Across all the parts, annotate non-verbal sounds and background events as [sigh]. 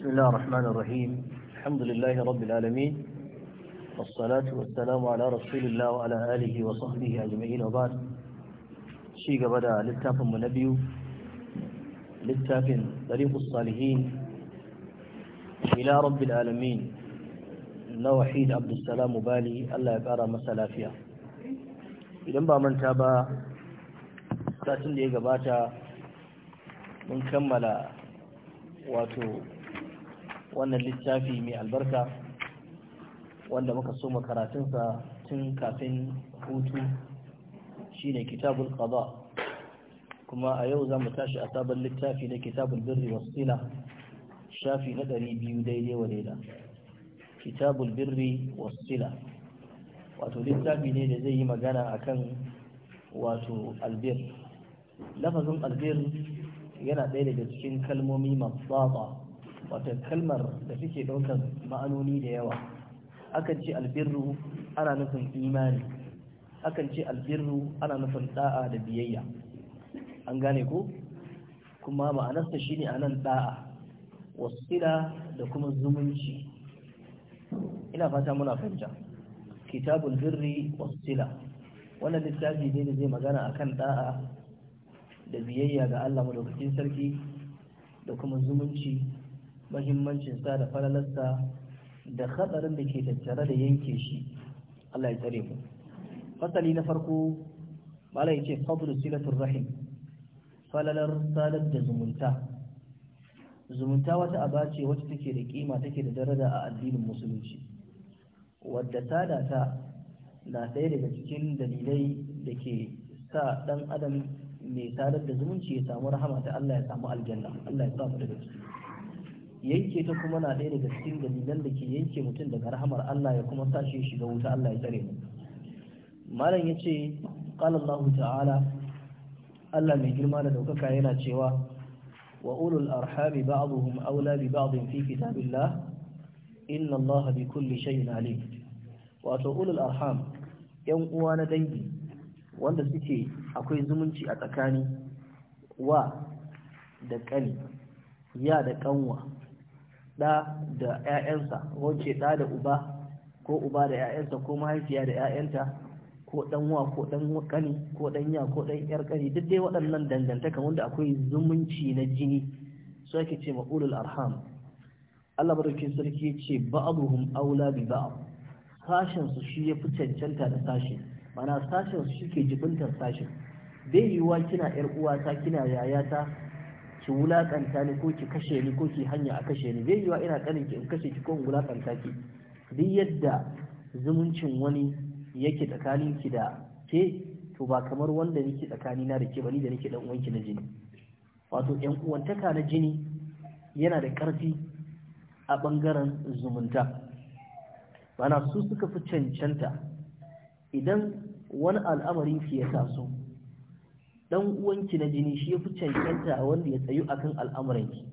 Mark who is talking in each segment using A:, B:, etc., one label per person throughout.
A: بسم الله الرحمن الرحيم الحمد لله رب العالمين والصلاة والسلام على رسول الله وعلى آله وصحبه أجمعين وبعد شيء بدأ للتاف النبي للتاف طريق الصالحين إلى رب العالمين نوحيد عبد السلام بالي الله يبارى مسلافيا idan ba manta ba satin da ya gabata mun kammala wato wannan littafi mai albarka wanda muka so makaratunsa tun kafin hutu shine kitabul qada kuma a yau za mu tashi a sabon littafi na kitabul birri wasila shafi na ɗari biyu daidai wa daida kitabul birri wasila wato littafi ne da zai yi magana akan wato albir lafazin albir yana ɗaya daga cikin kalmomi masu tsaba wata kalmar da suke ɗaukar ma'anoni da yawa akan ce albirru ana nufin imani akan ce albirru ana nufin da'a da biyayya an gane ko kuma ma'anarsa shine anan da'a wasila da kuma zumunci ina fata muna fahimta kitabul birri wasila wannan littafi ne da zai magana akan da'a da biyayya ga Allah madaukakin sarki da kuma zumunci mahimmancinsa da falalarsa da hatsarin da ke tattare da yanke shi Allah ya tsare mu fasali na farko mala ya ce fadlu silatul rahim falalar sadar da zumunta zumunta wata aba ce wacce take da kima take da daraja a addinin musulunci wadda sada ta na ɗaya daga cikin dalilai da ke sa ɗan adam mai sadar da zumunci ya samu rahama ta Allah ya samu aljanna Allah ya samu daga ciki yanke ta kuma na ɗaya daga cikin dalilan da ke yanke mutum daga rahamar Allah ya kuma sa shi shiga wuta Allah ya tsare mu malam yace qala Allah ta'ala Allah mai girma da daukaka yana cewa wa ulul arhami ba'dhum awla bi billa. fi kitabillah inna Allah bi kulli shay'in alim wato ulul arham yan uwa na dangi wanda suke akwai zumunci a tsakani wa da kani ya da kanwa ɗa da 'ya'yansa wance ɗa da uba ko uba da 'ya'yansa ko mahaifiya da 'ya'yanta ko ɗanwa ko ɗan ƙani ko ɗanya ko ɗan 'yar ƙani duk dai waɗannan dangantaka wanda akwai zumunci na jini su ake ce ma'ulul arham Allah barkin sarki ya ce aula bi ba'd sashen su shi ya fi cancanta da sashi mana sashen su shi ke jibintar sashen bai yiwuwa kina 'yar uwata kina yayata ki wulakanta ni ko ki kashe ni ko ki hanya a kashe ni zai yiwa ina kanin ki in kashe ki ko in wulakanta ki duk yadda zumuncin wani yake tsakanin ki da ke to ba kamar wanda nake tsakani na da ke bani da nake dan ki na jini wato yan uwantaka na jini yana da karfi a bangaren zumunta bana su suka fi cancanta idan wani al'amari fiye ya taso dan uwanki na jini shi ya fi cancanta wanda ya tsayu akan al'amuranki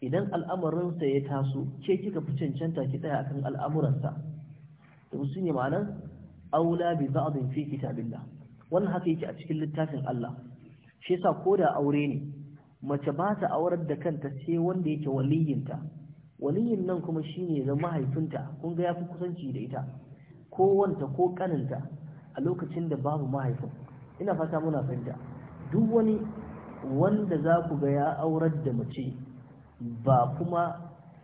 A: idan sa ya taso ke kika fi cancanta ki tsaya akan al'amuransa to su ne ma'ana aula bi ba'dhin fi kitabillah wannan haka yake a cikin littafin Allah shi yasa koda aure ne mace ba ta aurar da kanta sai wanda yake waliyinta waliyin nan kuma shine ga mahaifinta kun ga yafi kusanci da ita ko wanta ko kaninta a lokacin da babu mahaifin ina fata muna fahimta duk wani wanda za ku ga ya aurar da mace ba kuma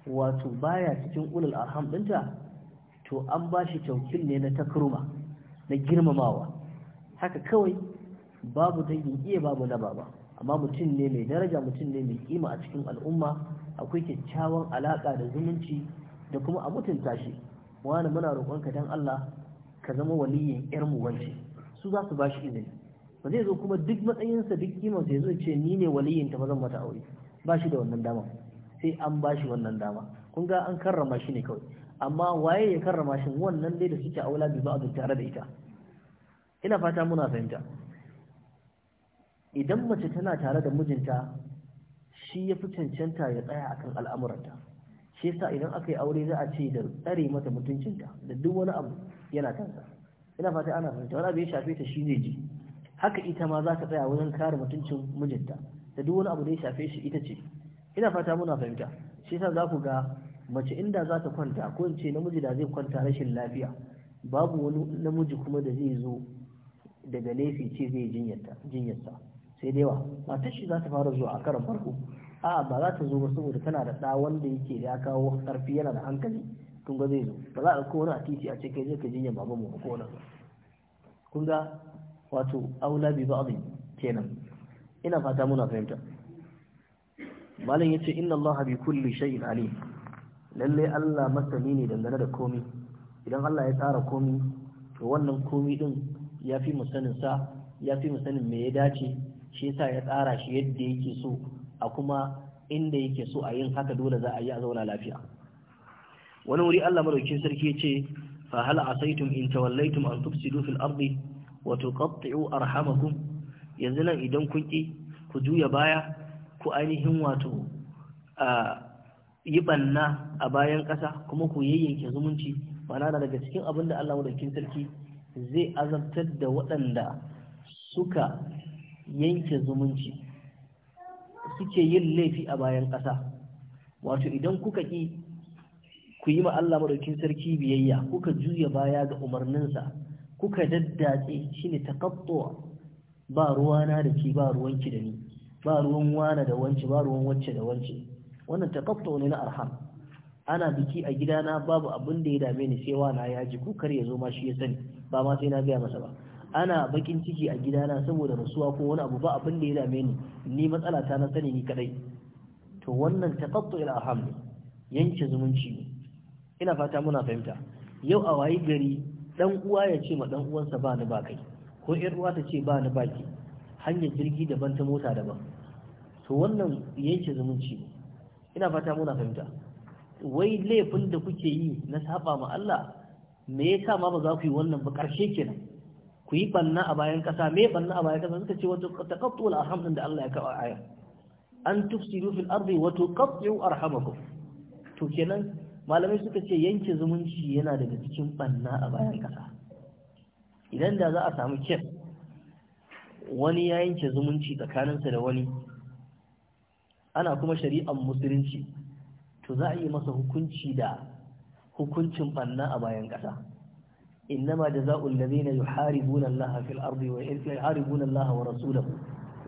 A: wato baya cikin ulul arham ɗinta to an ba shi taukil ne na takruma na girmamawa haka kawai babu dangin iya babu na baba amma mutum ne mai daraja mutum ne mai kima a cikin al'umma akwai kyakkyawan alaƙa da zumunci da kuma a mutunta shi wani muna roƙonka don Allah ka zama waliyin 'yar mu wance su za su ba shi izini ba zai zo kuma duk matsayinsa duk kimansa ya zo ce ni ne waliyin ta mazan mata aure ba shi da wannan dama sai an ba shi wannan dama kun ga an karrama shi ne kawai amma waye ya karrama shi wannan dai da suke aula bi ba tare da ita ina fata muna fahimta idan mace tana tare da mijinta shi ya fi cancanta ya tsaya akan al'amuranta shi yasa idan aka yi aure za a ce da tsare mata mutuncinta da duk wani abu yana kansa ina fata ana fahimta wani abu ya shafe ta shi zai ji haka ita ma za ta tsaya wajen kare mutuncin mijinta da duk wani abu da ya shafe shi ita ce ina fata muna fahimta shi yasa za ku ga mace inda za ta kwanta ko in ce namiji da zai kwanta rashin lafiya babu wani namiji kuma da zai zo daga laifi ce zai jinyarta sai da yawa matar shi za ta fara zuwa a karan farko a'a ba za ta zo ba saboda tana da ɗa wanda yake ya kawo ƙarfi yana da hankali tun ga zai zo ba za a ɗauko wani a titi a ce kai zai ka jinyar babanmu ko wani kun wato aula bi ba'dhi kenan ina fata muna fahimta malam yace inna allaha bi kulli shay'in alim lalle Allah masani ne dangane da komi idan Allah ya tsara komi to wannan komi din ya fi musanin sa ya fi musanin me ya dace shi yasa ya tsara shi yadda yake so a kuma inda yake so a yin haka dole za a yi a zauna lafiya wani wuri Allah madaukakin sarki yace ce fa hal asaitum in tawallaitum an tufsidu fil ardi wato tuqatti'u arhamakum yanzu nan idan kun ki ku juya baya ku ainihin wato a yi banna a bayan ƙasa kuma ku yayyanke zumunci mana daga cikin abin da Allah madaukakin sarki zai azabtar da waɗanda suka yanke zumunci suke yin laifi a bayan ƙasa wato idan kuka ƙi ku yi ma Allah madaukakin sarki biyayya kuka juya baya ga umarninsa kuka shi shine taqattu ba ruwana da ki ba ruwanki da ni ba ruwan wana da wance ba ruwan wacce da wance wannan taqattu ne na arham ana biki a gidana babu abin da ya dame ni sai wana ya ji kukar ya zo ma shi ya sani ba ma sai na gaya masa ba ana bakin ciki a gidana saboda rasuwa ko wani abu ba abin da ya dame ni ni matsala ta na sani ni kadai to wannan taqattu ila arham ne yanke zumunci ne ina fata muna fahimta yau a wayi gari dan uwa ya ce ma dan uwansa ba ni ba kai ko yar uwa ta ce ba ni ba ki hanyar jirgi daban ta mota daban to wannan yanke zumunci ne ina fata muna fahimta wai laifin da kuke yi na saba ma Allah me yasa ma ba za ku yi wannan ba karshe kenan ku yi banna a bayan kasa me banna a bayan kasa suka ce wato taqattu al arham da Allah ya kawo aya an tufsidu fil ardi wa tuqattu arhamakum to kenan malamai suka ce yanke zumunci yana daga cikin banna a bayan ƙasa. idan da za a samu kes wani ya yanke zumunci tsakaninsa da wani ana kuma shari'ar musulunci to za a yi masa hukunci da hukuncin banna a bayan kasa إنما جزاء الذين يحاربون الله في الأرض ويحاربون الله ورسوله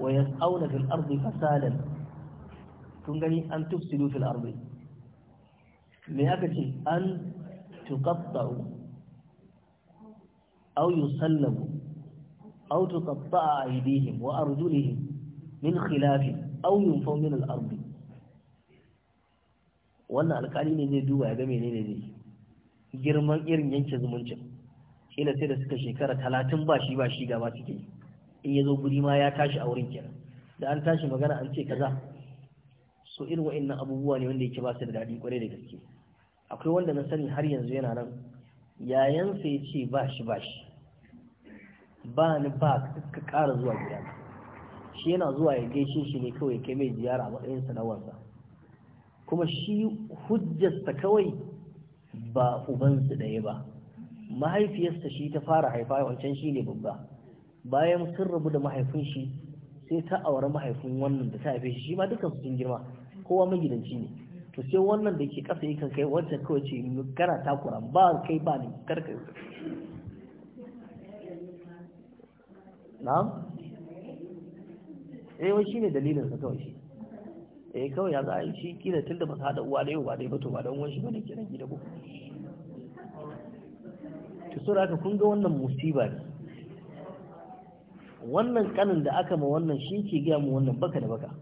A: ويسعون في الأرض فسادا تنغني أن تفسدوا في الأرض me aka ce an yi sallabu au aw a idihim wa arjulihim min khilafi au yi faunin al'arbi wannan alkali ne zai duba ya ga menene ne girman irin yanke zumuncin kila sai da suka shekara talatin ba shi ba shi gaba suke in ya zo guri ma ya tashi a wurin kira. da an tashi magana an ce kaza so irin nan abubuwa ne wanda yake ba su da daɗi kwarai da gaske akwai wanda na sani har yanzu yana nan yayansa ya ce ba shi ba shi ba ni ba ka ƙara zuwa gida shi yana zuwa ya gaishe shi ne kawai kai mai ziyara a matsayinsa na wansa kuma shi hujjarsa kawai ba ubansu ɗaya ba mahaifiyarsa shi ta fara haifa wancan shi ne babba bayan sun rabu da mahaifin shi sai ta aure mahaifin wannan da ta haife shi shi ma dukansu sun girma kowa magidanci ne to sai wannan da ke kasa yi kai wancan kawai ce gara takura ba kai ba ne karka na'am eh wai shine dalilin sa kawai shi yi eh, kawai ya za a yi shi kila tun da masu haɗa uwa da yau ba da yi bato ba don wani shi ke nan gida ko ta so da kun ga wannan musiba ne wannan kanin da aka ma wannan shi ke gaya mu wannan baka da baka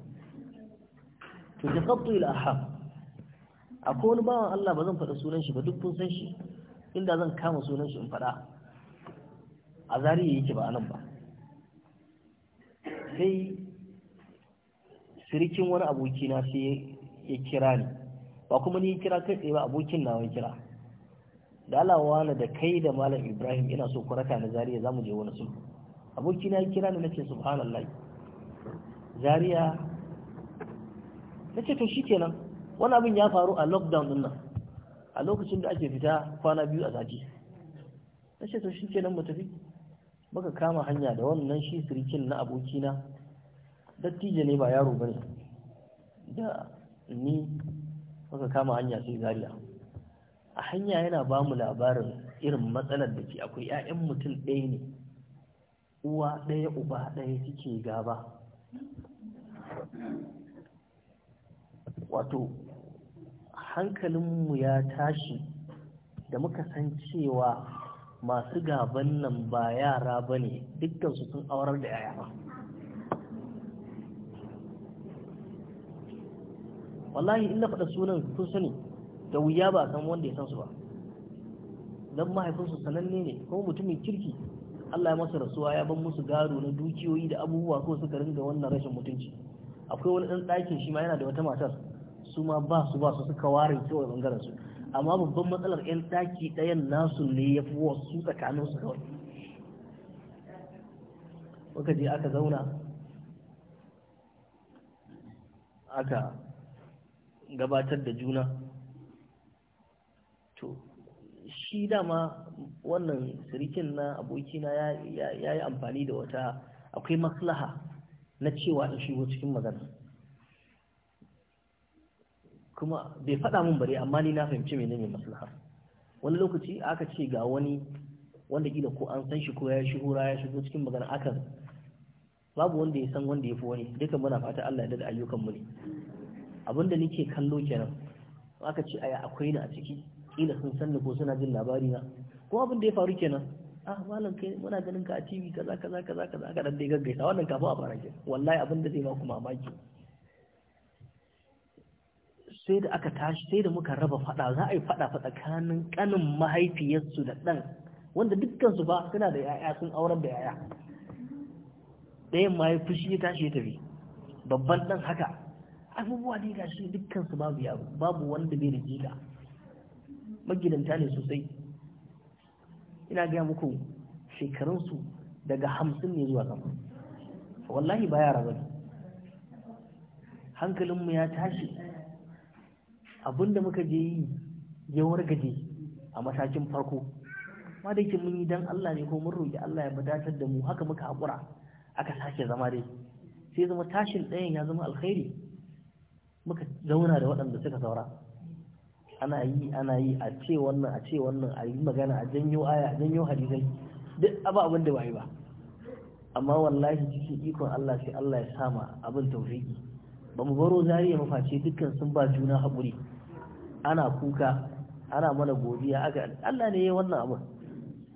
A: to taqattu al ahab akwai wani bawan Allah ba zan faɗa sunan shi ba duk kun san shi inda zan kama sunan shi in faɗa a zariya yake ba anan ba sai sirikin wani abokina sai ya kira ni ba kuma ni kira kai tsaye ba abokin nawa kira da alawa na da kai da malam ibrahim ina so ku raka na zariya za mu je wani sulhu abokina ya kira ni nace subhanallah zariya nace to shikenan wani abin ya faru a lockdown din nan a lokacin da ake fita kwana biyu a sati na ce to shi nan mu tafi baka kama hanya da wannan shi sirikin na abokina dattijo ne ba yaro bane da ni baka kama hanya sai zariya a hanya yana ba mu labarin irin matsalar da ke akwai 'ya'yan mutum ɗaya ne uwa ɗaya uba ɗaya suke gaba wato hankalinmu ya tashi da muka san cewa masu gaban nan ba yara ba ne dukkansu sun aurar da yaya ba wallahi in faɗa sunan sun sani da wuya ba san wanda ya san su ba don mahaifinsu sananne ne kuma mutumin kirki Allah ya masa rasuwa ya ban musu gado na dukiyoyi da abubuwa ko suka ringa wannan rashin mutunci akwai wani ɗan ɗakin shi ma yana da wata matar su ma ba su ba su suka ware kawai bangaren su amma babban matsalar yan taki ɗayan nasu ne ya fi wasu tsakanin su kawai muka je aka zauna aka gabatar da juna to shi dama wannan sirikin na abokina ya yi amfani da wata akwai maslaha na cewa in shigo cikin magana kuma bai faɗa min bare amma ni na fahimci menene maslaha wani lokaci aka ce ga wani wanda gida ko an san shi ko ya shuhura ya shigo cikin magana akan babu wanda ya san wanda ya fi wani duka muna fata Allah ya da ayyukan mu ne abinda nake kallo kenan aka ce aya akwai ni a ciki kila sun san ni ko suna jin labari na ko abin da ya faru kenan ah malam kai muna ganin ka a TV kaza kaza kaza kaza ka dan dai gaggaita wannan kafin a fara kenan wallahi abin da zai ba ku mamaki sai da aka tashi sai da muka raba fada za a yi fada tsakanin kanin mahaifiyarsu da ɗan wanda dukkansu ba suna da yaya sun auren da yaya ɗayan ma ya fushi ya tashi ya tafi babban ɗan haka abubuwa ne ga shi dukkansu babu yaro babu wanda bai da jika magidanta ne sosai ina gaya muku shekarunsu daga hamsin ne zuwa sama wallahi ba yara ba hankalinmu ya tashi abinda muka je yi ya wargaje a matakin farko ma da mun yi dan Allah ne ko mun roƙi Allah ya badatar da mu haka muka haƙura aka sake zama dai sai zama tashin ɗayan ya zama alkhairi muka zauna da waɗanda suka saura ana yi ana yi a ce wannan a ce wannan a yi magana a janyo aya a janyo hadisai duk ba abin da bai ba amma wallahi cikin ikon Allah sai Allah ya sama abin tawfiki ba mu baro zariya maface dukkan sun ba juna haƙuri ana kuka ana mana godiya aka Allah ne ya wannan abu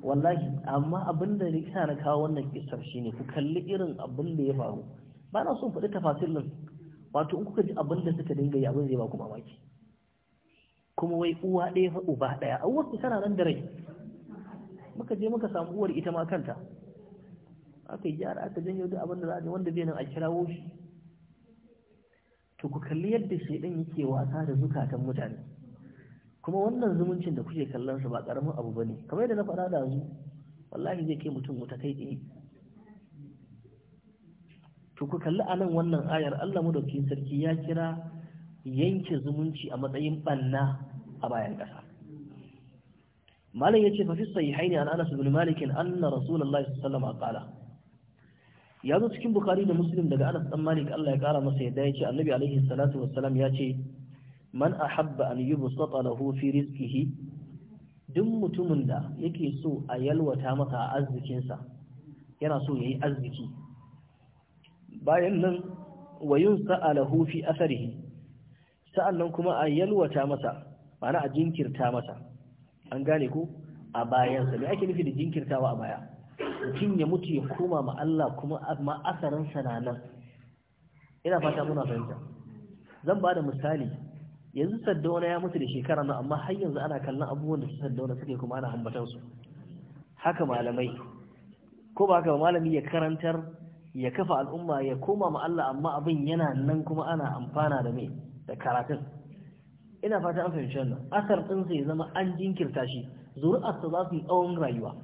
A: wallahi amma abin da ni kana na kawo wannan kisar shine ku kalli irin abin da ya faru ba na son faɗi tafasirin wato in kuka ji abin da suka dinga yi abin zai ba ku mamaki kuma wai uwa ɗaya fa uba ɗaya a wasu tana nan da rai muka je muka samu uwar ita ma kanta aka yi gyara aka janyo duk abin da za a wanda zai nan a kirawo shi to ku kalli yadda shi shaidan yake wasa da zukatan mutane kuma wannan zumuncin da kuke kallon sa ba karamin abu ba ne, kamar yadda na faɗa da zu wallahi zai kai mutum wata kai tsaye to ku kalli anan wannan ayar Allah madaukakin sarki ya kira yanke zumunci a matsayin banna a bayan ƙasa malam yace fa fi sahihain an Anas ibn Malik anna Rasulullahi sallallahu alaihi wasallam ya zo cikin Bukhari da Muslim daga Anas dan Malik Allah ya kara masa yadda yace Annabi alaihi salatu wassalam ce. man ahabba an yubsata lahu fi rizqihi duk mutumin da yake so a yalwata masa a arzikinsa yana so yayi arziki bayan nan wayun sa'alahu fi asarihi sa'annan kuma a yalwata masa ma'ana a jinkirta masa an gane ko a bayan sa. me ake nufi da jinkirtawa a baya mutum ya mutu ya koma ma Allah kuma ma asarin sa nan ina fata muna fahimta zan ba da misali yanzu saddauna ya mutu da shekara na amma har yanzu ana kallon abubuwan da su saddauna suke kuma ana hambatan su haka malamai ko ba haka malami ya karantar ya kafa al'umma ya koma ma Allah amma abin yana nan kuma ana amfana da mai da karatun ina fata an fahimci wannan asar din sai zama an jinkirta shi zuri'ar ta za su yi tsawon rayuwa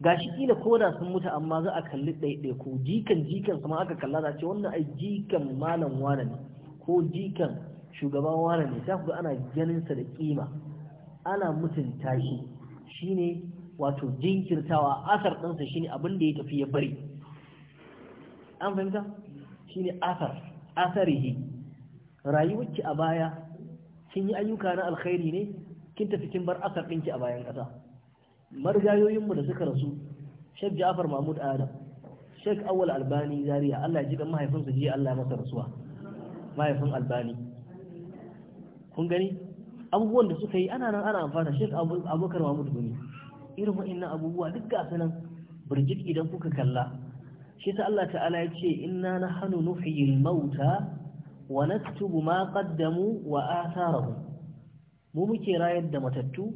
A: gashi kila ko da sun mutu amma za a kalli ɗaiɗai ko jikan jikan kuma aka kalla za ce wannan ai jikan malam wane ko jikan shugaban wane ne za ku ga ana ganinsa da kima ana mutunta shi shine wato jinkirtawa asar ɗansa shine abin da ya tafi ya bari an fahimta shine asar asarihi rayuwarki a baya kin yi ayyuka na alkhairi ne kin tafi kin bar asar ɗinki a bayan ƙasa marigayoyinmu da suka rasu shek Ja'afar mahmud adam shek awal albani Zariya, allah ji kan mahaifinsa ji allah masa rasuwa mahaifin albani kun gani abubuwan da suka yi ana nan ana amfana abokar wa mahmud ne. irin wa'annan abubuwa duk ga sanan birjik idan kuka kalla shi ta Allah ta'ala ya ce inna nahnu nuhyil mauta wa naktubu ma qaddamu wa atharahu mu muke rayar da matattu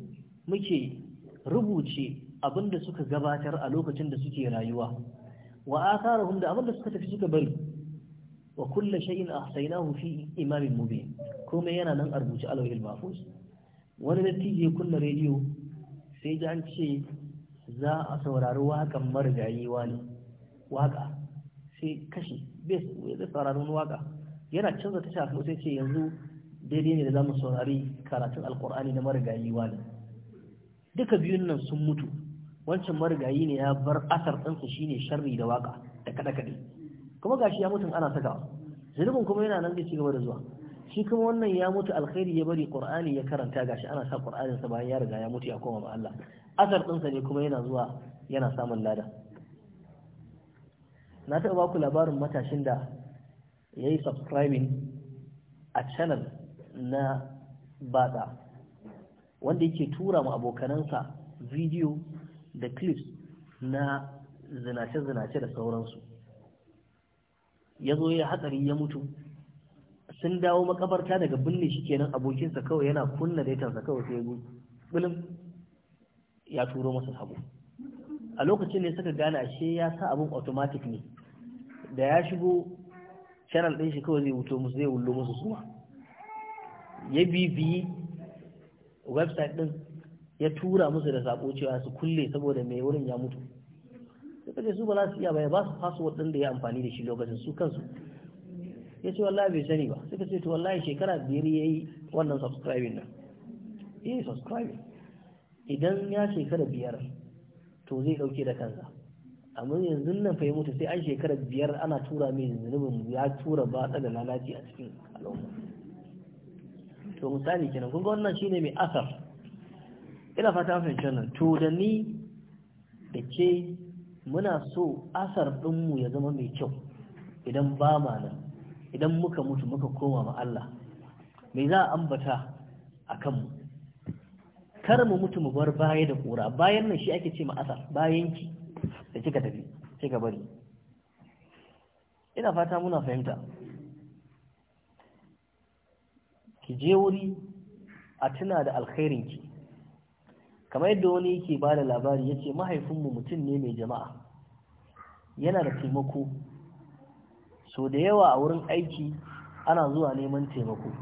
A: muke rubuce abinda suka gabatar a lokacin da suke rayuwa wa atharahum da abinda suka tafi suka bari wa kulla shay'in ahsaynahu fi imamin mubin komai yana nan a rubuce alawil mahfuz wani dattijo kunna rediyo sai ji an ce za a saurari wakan marigayi wani waka sai kashi bes zai saurari wani waka yana canza tasha shafi sai ce yanzu daidai ne da zamu saurari karatun alkur'ani na marigayi wani duka biyun nan sun mutu wancan marigayi ne ya bar asar ɗansa shine sharri da waka da kaɗe-kaɗe kuma gashi ya mutum ana sakawa zunubin kuma yana nan da ci gaba da zuwa shi kuma wannan ya mutu alkhairi ya bari qur'ani ya karanta gashi ana sa qur'anin sa bayan ya riga ya mutu ya koma ma Allah asar din sa ne kuma yana zuwa yana samun lada na taɓa ba ku labarin matashin da ya yi subscribing a channel na bada wanda yake tura wa abokanansa video da clips na zinace-zinace da sauransu ya zo ya hatsari ya mutu sun dawo makabarta daga binne shi kenan abokinsa kawai yana kunna daitarsa kawai sai ya bilin ya turo masa sabo a lokacin ne suka gane ashe ya sa abin automatic ne da ya shigo channel ɗin shi kawai zai wuto musu zai wullo musu suma ya bibiyi website ɗin ya tura musu da sako cewa su kulle saboda mai wurin ya mutu suka ce su ba za su iya ba ya ba su password ɗin da ya amfani da shi lokacin su kansu ya ce wallahi bai sani ba suka ce to wallahi shekara biyar ya yi wannan subscribing nan ya eh, subscribing idan ya shekara biyar to zai ɗauke da kansa amma yanzu nan fa ya mutu sai an shekara biyar ana tura mai zunubin ya tura ba da lalaci a cikin al'umma to misali kenan kun ga wannan shine mai asar ina fata fahimtar nan to da ni da ke muna so asar ɗinmu ya zama mai kyau idan ba ma nan idan muka mutu muka koma ma Allah mai za a ambata a kanmu kar mu mutu mu bar baya da kura bayan nan shi ake ce ma asar bayan ki da kika tafi kika bari ina fata muna fahimta ki je wuri a tuna da ki. kamar yadda wani yake ba da labari ya ce mahaifinmu mutum ne mai jama'a yana da taimako so da yawa a wurin aiki ana zuwa neman taimako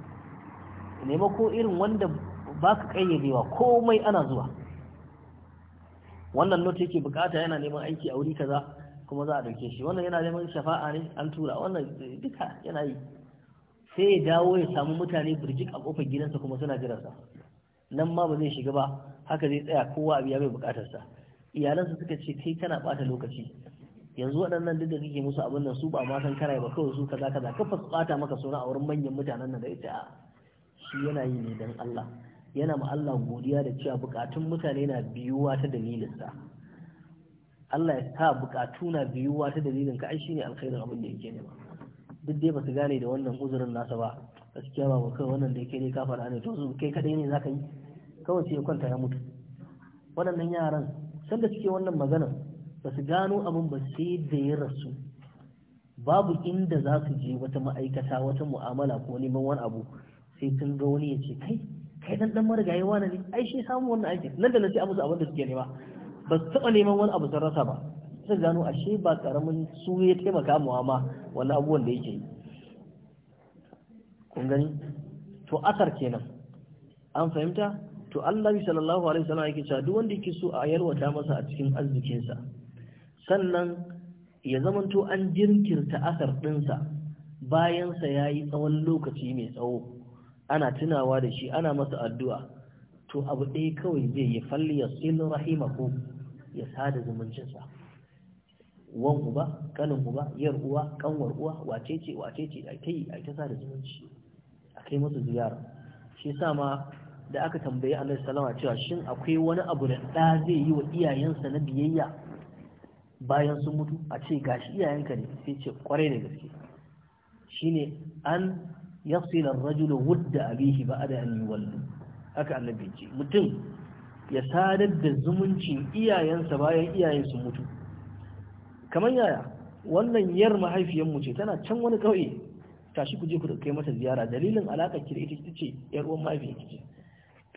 A: taimako irin wanda ba ka ƙayyadewa komai ana zuwa wannan nota yake bukata yana neman aiki a wuri kaza kuma za a ɗauke shi wannan yana neman shafa'a ne an tura wannan duka yana yi sai ya dawo ya samu mutane birjik a kofar gidansa kuma suna jiransa nan ma ba zai shiga ba haka zai tsaya kowa abu ya mai bukatarsa iyalansa suka ce kai kana bata lokaci yanzu waɗannan duk da kake musu abin nan su ba ma san kana ba kawai su kaza kaza kafa su bata maka suna a wurin manyan mutanen nan da ita a shi yana yi ne dan Allah yana ma Allah godiya da cewa bukatun mutane na biyuwa ta dalilinsa Allah ya sa bukatu na biyuwa ta dalilin ka ai shine alkhairin abin da yake nema duk dai ba su gane da wannan uzurin nasa ba gaskiya ba kai wannan da yake ne ka ne to kai kadai ne zaka yi kawai sai ya kwanta ya mutu waɗannan yaran sanda suke wannan magana ba su gano abin ba sai da ya rasu babu inda za su je wata ma'aikata wata mu'amala ko neman wani abu sai sun ga wani ya ce kai kai dan dan marigayi wani ne ai shi samu wannan aiki nan da nan sai a musu abin da suke nema ba su taɓa neman wani abu sun rasa ba sai gano ashe ba karamin su ya taimaka mu ma wani abubuwan da yake yi kun gani to akar kenan an fahimta to Allah sallallahu alaihi wasallam yake cewa duk wanda yake so a yalwata masa a cikin arzikinsa sannan ya zamanto an jinkirta asar ɗinsa bayansa ya yi tsawon lokaci mai tsawo ana tunawa da shi ana masa addu'a to abu ɗaya kawai zai yi falli ya tsilin rahimahu ya sada zumuncinsa wan uba kanin uba yar uwa kanwar uwa wace ce wace ce a ta ta sada zumunci a kai masa ziyara shi sa ma da aka tambayi annabi Salama cewa shin akwai wani abu da ɗa zai yi wa iyayensa na biyayya bayan sun mutu a ce gashi iyayenka ne sai ce kwarai da gaske shine an yasila rajulu wudda abihi ba da an wallo haka annabi ce mutum ya sadar da zumuncin iyayensa bayan iyayen sun mutu kamar yaya wannan yar mahaifiyarmu ce tana can wani kauye tashi ku je ku kai mata ziyara dalilin alaƙa ki da ita ce yar uwan mahaifiyar ki ce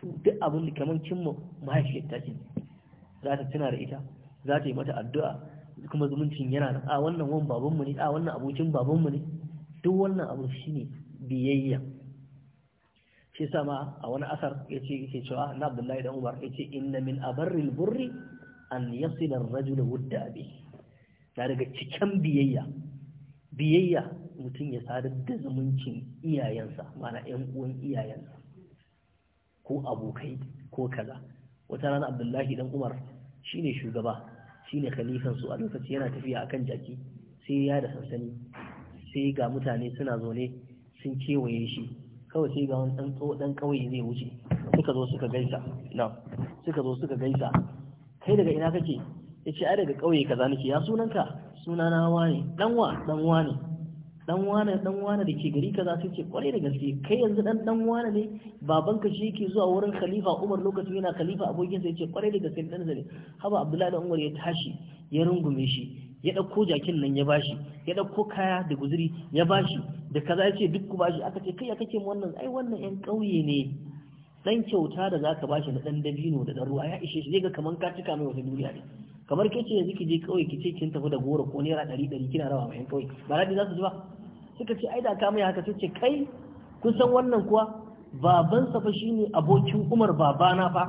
A: to duk abin da kamar mu mahaifiyar ta ce za ta tuna da ita za ta yi mata addu'a kuma zumuncin yana nan a wannan wani babanmu ne a wannan abokin babanmu ne duk wannan abu shine biyayya shi ma a wani asar yace yake cewa na Abdullahi dan Umar yace inna min abarril burri an yasila ar-rajul wudda abi da daga cikin biyayya biyayya mutum ya sadar da zumuncin iyayensa mana 'yan uwan iyayensa ko abokai ko kaza wata rana abdullahi dan umar shine shugaba shine khalifan su a lokaci yana tafiya akan jaki sai ya da sansani sai ga mutane suna zaune sun kewaye shi kawai sai ga wani dan dan kauye zai wuce suka zo suka gaisa na suka zo suka gaisa kai daga ina kake yace ai daga kauye kaza nake ya sunanka sunana wani dan wa dan wani dan wane dan wane da ke gari kaza sai ce kwarai da gaske kai yanzu dan dan wane ne babanka shi yake zuwa wurin khalifa Umar lokacin yana khalifa abokin sai ce kwarai da gaske dan zane haba Abdullahi da Umar ya tashi ya rungume shi ya dauko jakin nan ya bashi ya dauko kaya da guzuri ya bashi da kaza yace duk ku bashi aka ce kai ya kace wannan ai wannan yan kauye ne dan kyauta da zaka bashi na dan dabino da dan ruwa ya ishe shi ga kaman ka cika mai wata duniya ne kamar ke ce yanzu ki je kawai ki ce kin tafi da goro ko naira ɗari ɗari kina rawa mai kawai ba za su ji ba suka ce ai da ka mai haka su ce kai kun san wannan kuwa babansa fa shine abokin Umar babana fa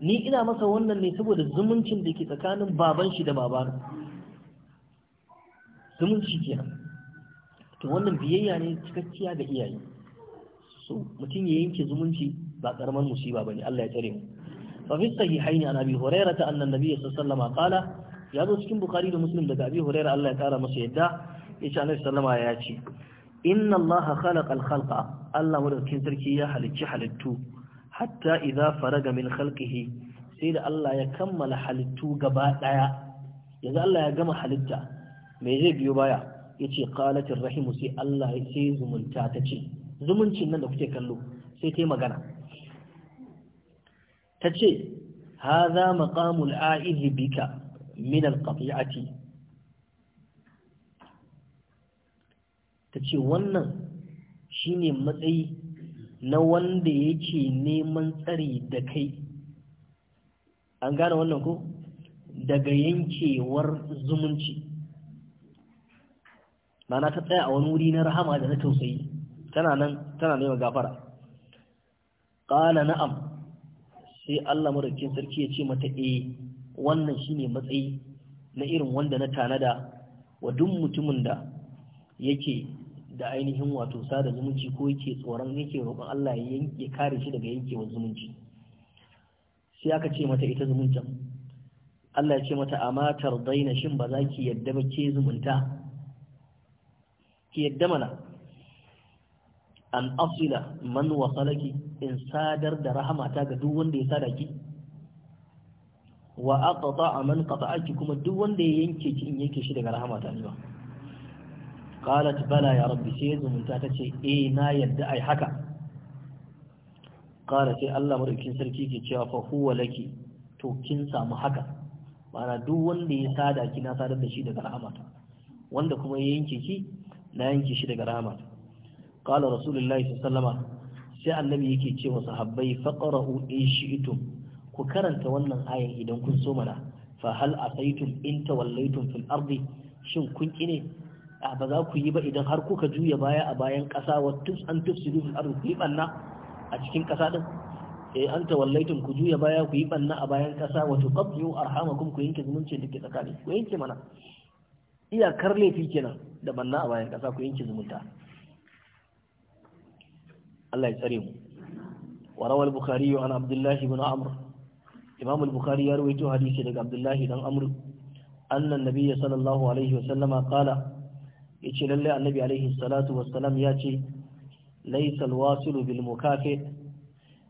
A: ni ina masa wannan ne saboda zumuncin da ke tsakanin baban shi da babana zumunci kenan to wannan biyayya ne cikakkiya ga iyaye so mutum ya yanke zumunci ba karamar musiba bane Allah ya tsare mu ففي الصحيحين عن أبي هريرة أن النبي صلى الله عليه وسلم قال يا ذو سكين بخاري ومسلم دك أبي هريرة الله تعالى مسيح دا إيش عليه السلام آياتي إن الله خلق الخلق الله ولكن تركي يا حلتي حلتو حتى إذا فرغ من خلقه سيد الله يكمل حلتو قباء دايا يزا الله يقام حلتا ميزي بيو بايا يتي قالت الرحيم سي الله سي زمنتا تتي زمنتي نن da kuke kallo sai tayi magana ta ce ha haza maqamul a'izi bika min alqati'ati ta ce wannan shi ne matsayi na wanda yake neman tsari da kai an gane wannan ko daga yankewar zumunci mana ta tsaya a wani wuri na rahama da na tausayi tana nan tana neman gafara ƙana na'am sai Allah madaukakin sarki ya ce mata eh wannan shine matsayi na irin wanda na tanada wa duk mutumin da yake da ainihin wato sada zumunci ko yake tsoron yake roƙon Allah ya kare shi daga yankewar zumunci sai aka ce mata ita zumuncin Allah ya ce mata amma tardaina shin ba za ki yadda ba ke zumunta ki yadda mana an asila man wasalaki in sadar da rahamata ga duk wanda ya sada ki wa aqta man qata'aki kuma duk wanda ya yanke ki in yanke shi daga rahamata ne ba qalat bala ya rabbi sai zumunta ta ce eh na yadda ai haka qala sai Allah madaukin sarki ke cewa fa huwa laki to kin samu haka Mana duk wanda ya sada ki na sadar da shi daga rahamata wanda kuma ya yanke ki na yanke shi daga rahamata qala rasulullahi sallallahu alaihi wasallam sai annabi yake ce wa sahabbai faqra'u in shi'tum ku karanta wannan ayan idan kun so mana fa hal asaitum in tawallaitum fil ardi shin kun kine a ba za ku yi ba idan har kuka juya baya a bayan ƙasa wa tus an tufsidu fil ardi ku yi banna a cikin ƙasa din eh an tawallaitum ku juya baya ku yi banna a bayan ƙasa wa tuqaddu arhamakum ku yanke zumunci da ke tsakani ku yanke mana iyakar laifi kenan da banna a bayan ƙasa ku yanke zumunta Allah ya tsare mu wa rawal bukhari an abdullahi ibn amr imam al-bukhari ya rawaito hadisi daga abdullahi dan amr anna nabiyya sallallahu alaihi wa sallama qala yace lalle annabi alaihi salatu wassalam ya ce laysa al-wasilu bil mukafi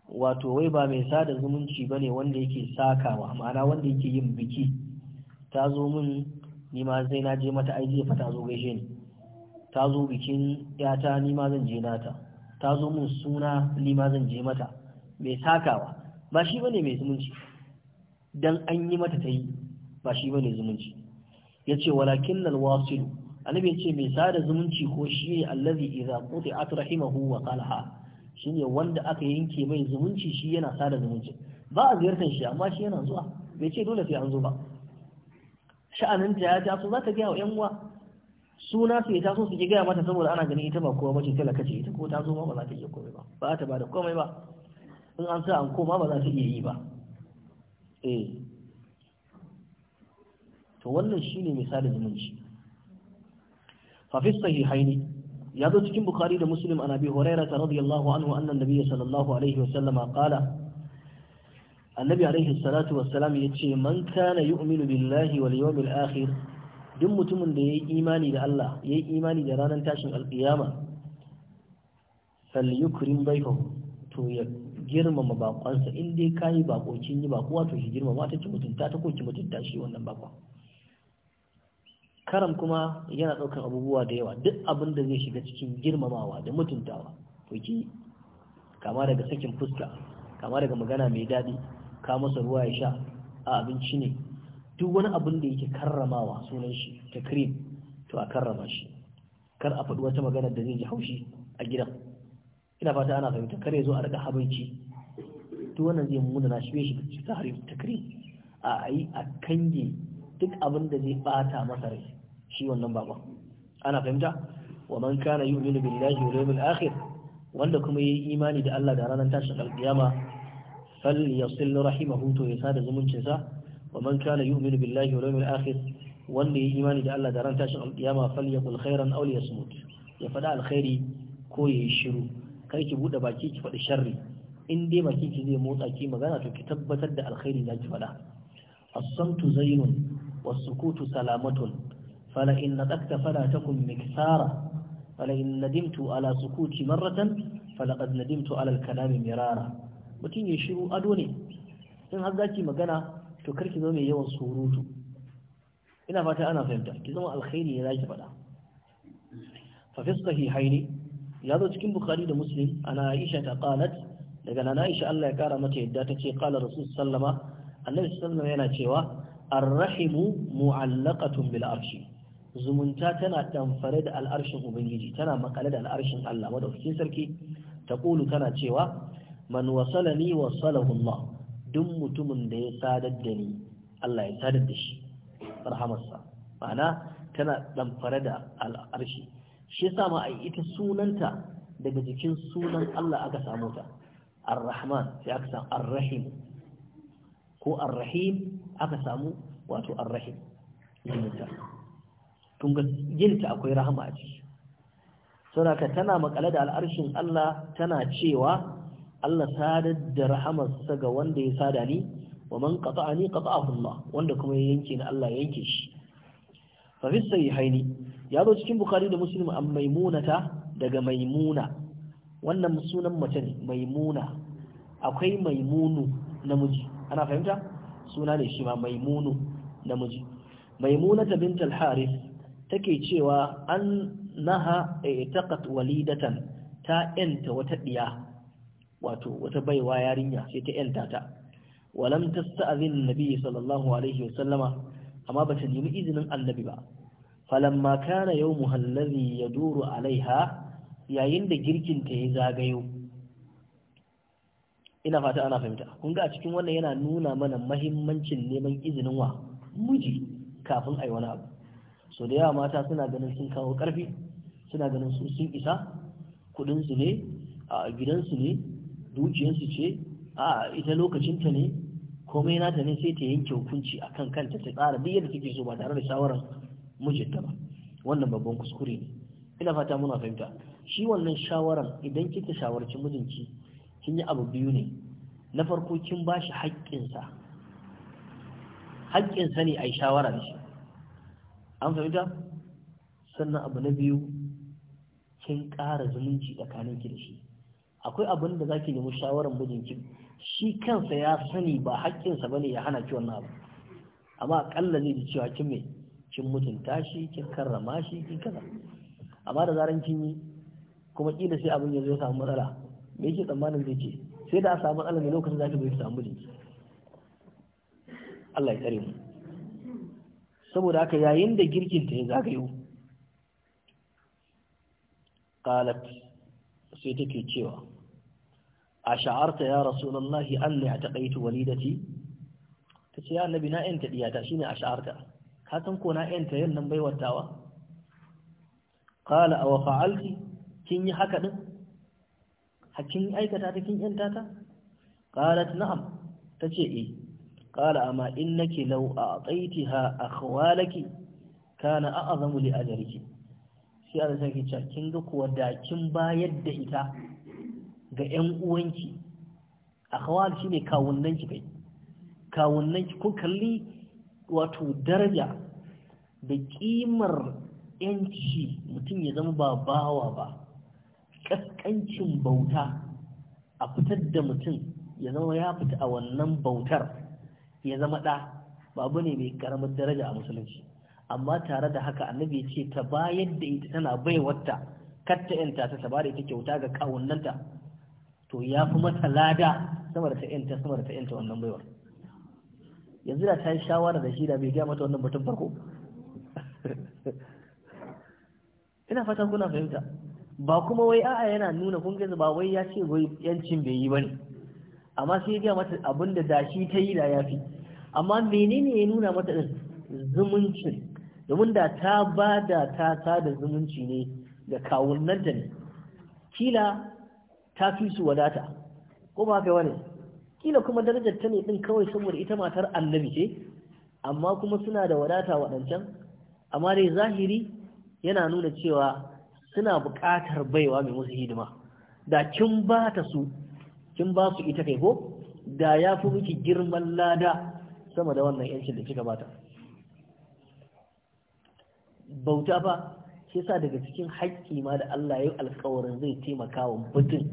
A: wato wai ba mai sada zumunci bane wanda yake sakawa ma'ana wanda yake yin biki ta zo min ni ma sai na je mata ai jefa ta zo gaishe ni ta zo bikin yata ni ma zan je nata ta zo mun suna ni ma zan je mata mai sakawa ba shi bane mai zumunci dan an yi mata ta yi ba shi bane zumunci Ya ce walakin alwasil annabi ce mai sada zumunci ko shi ne allazi idza quti'at rahimahu wa qalha shine wanda aka yanke mai zumunci shi yana sada zumunci ba a ziyartar shi amma shi yana zuwa bai ce dole sai an zo ba sha'anin ta ya taso za ta gaya wa 'yan uwa suna su ya taso su ki gaya mata saboda ana ganin ita ba kowa bace talaka ce ita ko ta zo ma ba za ta iya komai ba ba ta bada komai ba in an sa an koma ba za ta iya yi ba eh to wannan shine misalin zumunci fa fi sahihaini ya zo cikin bukhari da muslim an abi hurairah radiyallahu anhu anna nabiyyi sallallahu alaihi wa wasallam qala النبي عليه الصلاة والسلام يتشي من كان يؤمن بالله واليوم الآخر duk mutumin da ya yi imani da Allah ya yi imani da ranar tashin alƙiyama falyukrim baifahu to ya girmama bakonsa in dai kayi bako kin yi bako wato shi girmama ta ki mutunta ta ko ki mutunta shi wannan bakon karam kuma yana ɗaukar abubuwa da yawa duk abin da zai shiga cikin girmamawa da mutuntawa to ki kama daga sakin fuska kama daga magana mai daɗi ka masa ruwa ya sha a abinci ne duk wani abin da yake karramawa sunan shi takrim to a karrama shi kar a faɗi wata magana da zai ji haushi a gidan ina fata ana fahimta kar ya zo a rika habaici duk wannan zai muna na shi shi ta harif takrim a ayi a kange duk abin da zai bata masa rai shi wannan baban ana fahimta wa man kana yu'minu billahi wal yawmil akhir wanda kuma yayi imani da Allah da ranar tashin alkiyama fal yasil rahimahu to ya sada zumuncin sa wa man kana yu'minu billahi wal yawmil akhir wanda ya imani da Allah da ran tashin alƙiyama falyaqul khairan aw liyasmut ya faɗa alkhairi ko ya yi shiru kar ki bude baki ki faɗi sharri in dai baki ki zai motsa ki magana to ki tabbatar da alkhairi za ki faɗa as-samtu zainun was-sukutu salamatun fala in nadakta fala takun miksara fala in nadimtu ala sukuti marratan falaqad nadimtu ala al-kalami mirara mutun ya shiru ado ne in har zaki magana to kar ki zo mai yawan surutu ina fata ana fahimta ki zama alkhairi ne zaki faɗa fa fi ya zo cikin bukhari da muslim ana aisha ta qalat daga nan aisha Allah ya kara mata yadda ta ce qala rasul sallama annabi sallama yana cewa arrahimu mu'allaqatun bil arshi zumunta tana damfare da al'arshin ubangiji tana makale da al'arshin Allah madaukakin sarki Kulu tana cewa man wasalani wasalahu Allah duk mutumin da ya sadar da ni Allah ya sadar da shi rahamarsa ma'ana tana ɗamfare da al'arshi shi yasa ma a ita sunanta daga jikin sunan Allah aka samu ta ar-rahman sai aka samu ar-rahim ko ar-rahim aka samu wato ar-rahim kun ga yinta akwai rahama a ciki saboda tana makale da al'arshin Allah tana cewa Allah sadar da rahamarsa ga wanda ya sada ni wa man ni qata'ahu Allah wanda kuma ya yanke ni Allah ya yanke shi fa fi sahihaini ya zo cikin bukhari da muslim an maimunata daga maimuna wannan sunan mace ne maimuna akwai maimunu namiji ana fahimta suna ne shi ma maimunu namiji maimunata bint al-harith take cewa an naha a walidatan ta yanta wata diya wato wata baiwa yarinya sai ta yanta ta walam tasta'zin nabi sallallahu alaihi wa sallama. amma bata nemi izinin annabi ba falamma kana yawmu doro yaduru alaiha yayin da girkin ta ya zagayo ina fata ana fahimta kun ga a cikin wannan yana nuna mana mahimmancin neman izinin wa miji kafin ai wani abu so da yawa mata suna ganin sun kawo karfi suna ganin su sun isa kudin su ne a gidansu ne dukiyarsu ce a ita lokacinta ne komai na ta ne sai ta yanke hukunci a kan kanta ta tsara duk yadda take so ba tare da shawarar mijinta ba wannan babban kuskure ne ina fata muna fahimta shi wannan shawaran idan kika shawarci mijinki kin yi abu biyu ne na farko kin ba shi haƙƙinsa haƙƙinsa ne a yi shawara da shi an fahimta sannan abu na biyu kin ƙara zumunci tsakaninki da shi akwai abin da zaki nemi shawaran mijinki shi kansa ya sani ba haƙƙinsa bane ya hana ki wannan abu amma akalla zai ji cewa kin me kin mutunta shi kin karrama shi kin kaza amma da zaran kin yi kuma kila sai abin ya zo samu matsala me yake tsammanin zai ce sai da a samu matsala ne lokacin zaki zo samu mijinki Allah ya tsare mu saboda haka yayin da girkin ta ya zagayo qalat sai take cewa a sha'arta ya rasulullahi an ne a taƙaitu walidati ta ce ya annabi na yanta ɗiyata shine a sha'arta ka san ko na yanta yin nan bai wattawa a aw fa'alti kin yi haka din hakin aikata ta kin yanta ta qalat na'am tace eh qala amma innaki law a'taytaha akhwalaki kana a'zamu li ajriki sai Allah cewa kin ga kuwa da kin bayar da ita ga ƴan uwanki akhwal shine kawunnan ki kai kawunnan ki ko kalli wato daraja da kimar yanci mutum ya zama ba bawa ba kaskancin bauta a fitar da mutum ya zama ya fita a wannan bautar ya zama ɗa babu ne mai karamar daraja a musulunci amma tare da haka annabi ce ta bayar da ita tana baiwarta katta yanta ta ta bada ita kyauta ga kawunanta to ya fi mata lada sama da ta yanta sama da ta yanta wannan baiwar yanzu da ta yi shawara da shi da bai gaya mata wannan mutum farko [laughs] ina fata kuna fahimta ba kuma wai a'a yana nuna kun gaza ba wai ya ce wai yancin bai yi ba ne amma sai ya gaya mata abin da da shi ta yi da ya fi amma menene ya nuna mata zumuncin domin da ta ba da ta sada zumunci ne ga kawunan ta ne kila ta fi su wadata ko ba kai wani kila kuma darajar ta ne din kawai saboda ita matar annabi ce amma kuma suna da wadata waɗancan amma dai zahiri yana nuna cewa suna buƙatar baiwa mai musu hidima da kin ba ta su kin ba su ita kai ko da ya fi miki girman lada sama da wannan yancin da kika bata. bauta fa shi sa daga cikin haƙƙi ma da Allah ya alƙawarin zai taimaka wa mutum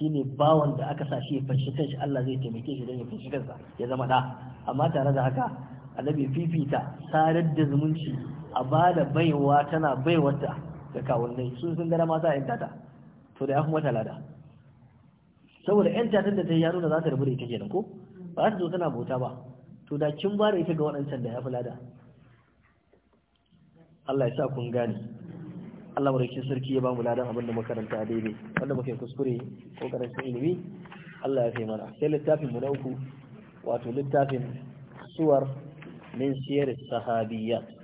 A: ne bawan da aka sa shi ya fanshi kanshi Allah zai taimake shi don ya fanshi kansa ya zama da amma tare da haka annabi fifita sarar da zumunci a ba da baiwa tana baiwarta ga kawunnai sun sun gana mata yan tata to da ya kuma talada saboda yan tatan da ta yi yaro da za ta rabu da ita kenan ko ba za ta zo tana bauta ba to da kin ba da ita ga waɗancan da ya fi lada Allah ya sa kun gane Allah madaukakin sarki ya ba mu ladan abin da makaranta daidai wanda muke kuskure ko karancin ilimi Allah ya fi mana sai littafin mu na uku wato littafin suwar min siyar sahabiyat